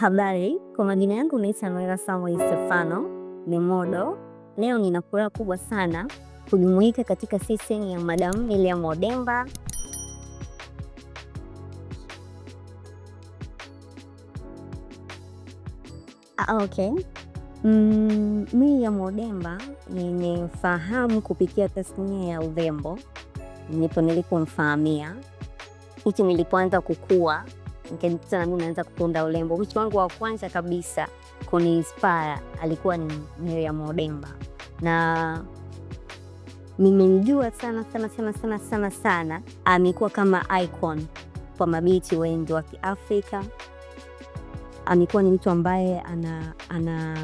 Habari, kwa majina yangu naitwa Noela Samuel Stefano ni modo. Leo nina furaha kubwa sana kujumuika katika seseni ya Madam Miriam Odemba. Ah, okay. Mm, Miriam Odemba nimefahamu kupitia tasnia ya urembo, ndipo nilipomfahamia hichi nilipoanza kukua nikanikuta nami unaanza kupenda urembo. Wimbo wangu wa kwanza kabisa kuni inspire alikuwa ni Miriam Odemba, na nimemjua sana sana sana sana sana sana, amekuwa kama icon kwa mabinti wengi wa Kiafrika. Amekuwa ni mtu ambaye ana, ana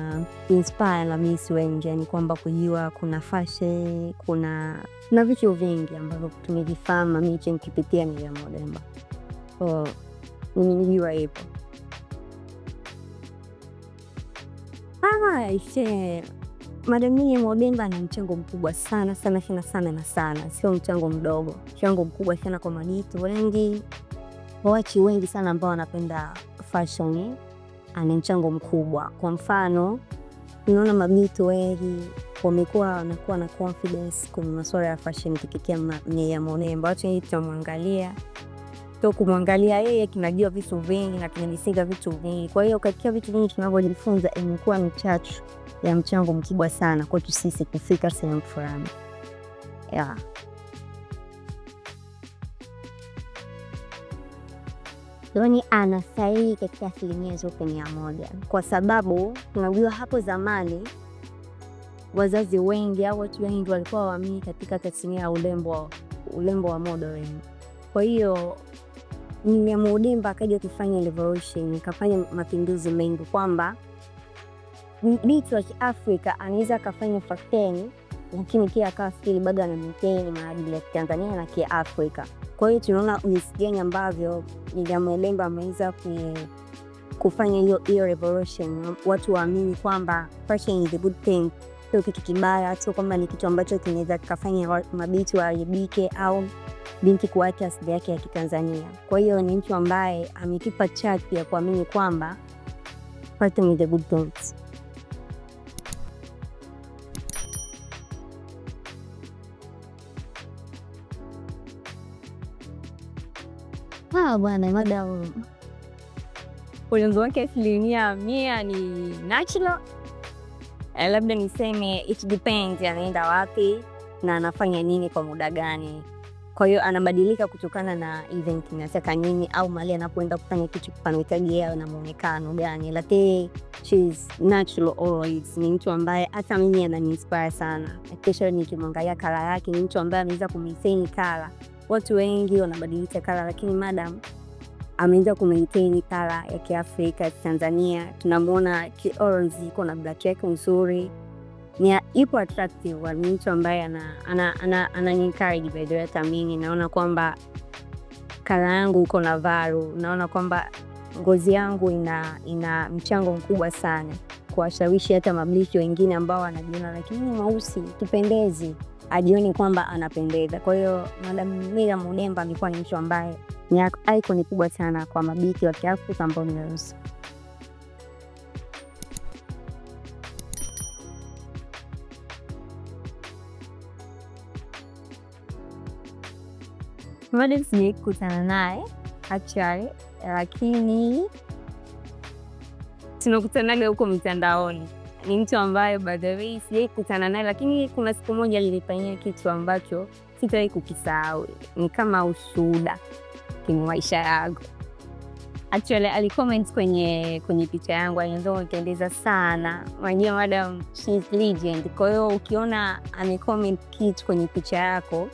inspire na misi wengi, yani kwamba kujua kuna fashion, kuna na vitu vingi ambavyo tumevifahamu mimi nikipitia Miriam Odemba so wenyeji wawepo. Aise, ise madamini Mwabemba ana mchango mkubwa sana sana sana sana na sana, sio mchango mdogo, mchango mkubwa sana kwa majitu wengi, wawachi wengi sana ambao wanapenda fashion. Ana mchango mkubwa. Kwa mfano, unaona mabitu wengi wamekuwa wanakuwa na confidence kwenye masuala ya fashion, kikikia Miriam Wabemba, watu wengi tunamwangalia so kumwangalia yeye, tunajua vitu vingi na tumejisinga vitu vingi. Kwa hiyo katika vitu vingi tunavyojifunza imekuwa ni chachu ya mchango mkubwa sana kwetu sisi kufika sehemu fulani yeah. Doni ana sahihi katika asilimia zote mia moja, kwa sababu tunajua hapo zamani wazazi wengi au watu wengi walikuwa wamii katika tasnia ya urembo, urembo wa moda wengi, kwa hiyo Mnyama Udemba akaja kufanya revolution, kafanya mapinduzi mengi kwamba mtu wa Kiafrika anaweza akafanya fakteni lakini akawa skili bado anamekeni maadili ya Kitanzania na Kiafrika. Kwa hiyo tunaona jinsi gani ambavyo Mnyama ameweza kufanya hiyo revolution, watu waamini kwamba fashion is a good thing sio kitu kibaya, tu kwamba ni kitu ambacho kinaweza kikafanya mabinti waharibike au binti kuacha asili yake ya Kitanzania. Kwa hiyo ni mtu ambaye amekipa chati ya kuamini kwamba Fatuma good Bwana madam, wake asilimia mia ni natural Eh, labda niseme it depends, anaenda wapi na anafanya nini kwa muda gani. Kwa hiyo anabadilika kutokana na event inataka nini, au mali anapoenda kufanya kitu panahitaji yao na muonekano gani, lakini she is natural always. Ni mtu ambaye hata mimi ananiinspire sana, especially nikimwangalia kala yake. Ni mtu ambaye ameweza kumaintain kala. Watu wengi wanabadilika kala, lakini madam ameweza kumaintain kala ya Kiafrika ya Tanzania. Tunamwona kioranzi iko na black yake nzuri, ni ipo attractive, ni mtu ambaye encourage by the way. Hata mimi naona kwamba kala yangu iko na varu, naona kwamba ngozi yangu ina, ina mchango mkubwa sana kuwashawishi hata mabliki wengine ambao wanajiona, lakini mweusi kipendezi ajioni kwamba anapendeza. Kwa hiyo Madam Miriam Udemba amekuwa ni mtu ambaye ni icon kubwa sana kwa mabiki wa Kiafrika ambao ni weusi. Madam sijai kukutana naye actually, lakini tunakutanaga huko mtandaoni ni mtu ambaye by the way sijai kutana naye, lakini kuna siku moja nilifanyia kitu ambacho sitawahi kukisahau, ni kama ushuhuda kwenye maisha yangu. Actually alicomment kwenye kwenye picha yangu, alianza kunipendeza sana. Unajua madam she's legend, kwa hiyo ukiona amecomment kitu kwenye picha yako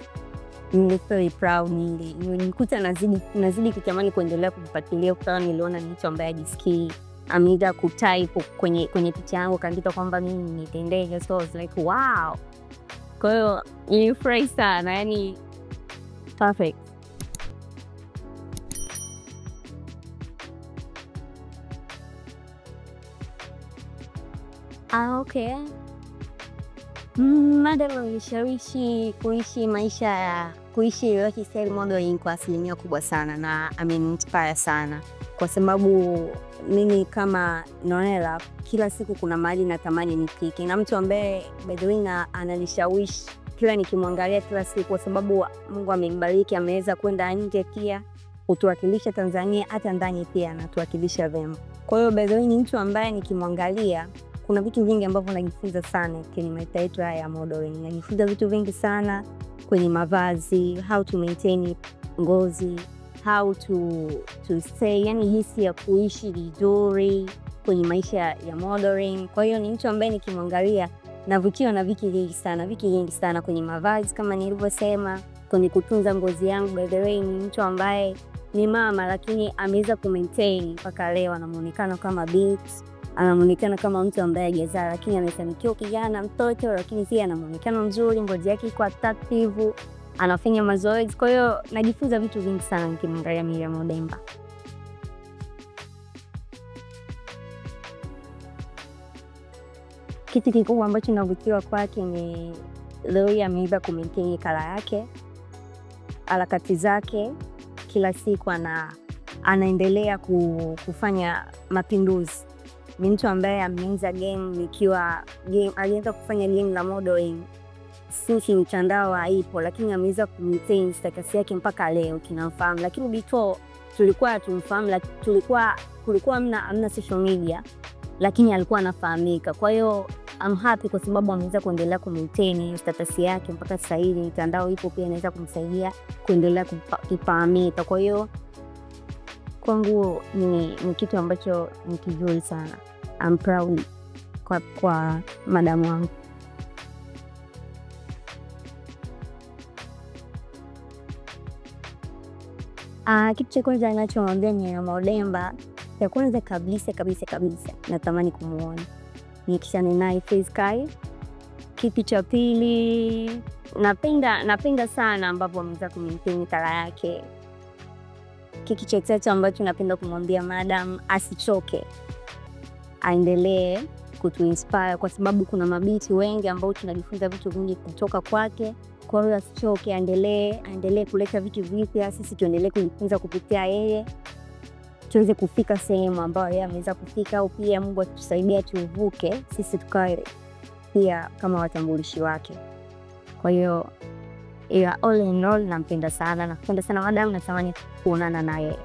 proud, nilikuta nazidi nazidi kutamani kuendelea kumfuatilia, kwa sababu niliona ni mtu ambaye ajisikii amiga kutype kwenye kwenye picha yangu kaandika kwamba mimi nitendeje. so I was like wow. Kwa hiyo nilifurahi sana, yani perfect. Ah, okay. Mm, Madam alishawishi kuishi maisha ya kuishi lifestyle modeling kwa asilimia kubwa sana na ameninspire sana kwa sababu mimi kama Nonela kila siku kuna mahali natamani nifike, na mtu ambaye by the way ananishawishi kila nikimwangalia kila siku, kwa sababu Mungu amembariki, ameweza kwenda nje pia kutuwakilisha Tanzania, hata ndani pia anatuwakilisha vema. Kwa hiyo by the way ni mtu ambaye nikimwangalia kuna vitu vingi ambavyo najifunza sana kwenye maisha yetu haya ya modeling. Najifunza vitu vingi sana kwenye mavazi, how to maintain ngozi how to, to say, yani jinsi ya kuishi vizuri kwenye maisha ya modeling. Kwa hiyo ni mtu ambaye nikimwangalia navutiwa na viki vingi sana, viki vingi sana kwenye mavazi kama nilivyosema, kwenye kutunza ngozi yangu. By the way, ni mtu ambaye ni mama lakini ameweza maintain mpaka leo, ana muonekano kama binti, ana muonekano kama mtu ambaye hajazaa, lakini amefanikiwa kijana, mtoto, lakini pia ana muonekano mzuri, ngozi yake iko attractive anafanya mazoezi. Kwa hiyo najifunza vitu vingi sana nikimwangalia Miriam Odemba. Kitu kikubwa ambacho navutiwa kwake ni leo hii ameiva kumaintain kala yake, harakati zake kila siku ana, anaendelea kufanya mapinduzi. Ni mtu ambaye ameanza game nikiwa game, alianza kufanya game la modeling sisi mtandao haipo, lakini ameweza kumtain status yake mpaka leo kinamfahamu. Lakini Bito tulikuwa tumfahamu, tulikuwa kulikuwa amna social media, lakini alikuwa anafahamika. Kwa hiyo I'm happy kwa sababu ameweza kuendelea kumtain status yake mpaka sasa hivi. mtandao ipo pia inaweza kumsaidia kuendelea kufahamika. Kwa hiyo kwangu ni, ni kitu ambacho ni kizuri sana. I'm proud kwa, kwa madamu wangu. Uh, kitu cha kwanza ninachomwambia Nyama Odemba, cha kwanza kabisa kabisa kabisa natamani kumuona nikishane naye face kai. Kitu cha pili napenda napenda sana ambapo ameweza kumimpeni tara yake. Kitu cha tatu ambacho napenda kumwambia madam asichoke, aendelee kutuinspire kwa sababu kuna mabinti wengi ambao tunajifunza vitu vingi kutoka kwake. Kwa hiyo asichoke, aendelee aendelee kuleta vitu vipya, sisi tuendelee kujifunza kupitia yeye, tuweze kufika sehemu ambayo yeye ameweza kufika, au pia Mungu atusaidia tuvuke, sisi tukawe pia kama watambulishi wake. Kwa hiyo all in all, nampenda sana, nakupenda sana madamu, natamani kuonana naye.